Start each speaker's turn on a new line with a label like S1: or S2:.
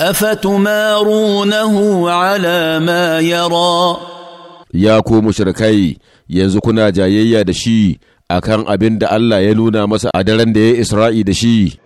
S1: أفتمارونه على ما يرى
S2: Ya كو مشركي yanzu kuna jayayya da shi akan abin da Allah ya nuna masa a daren da ya Isra'i da shi.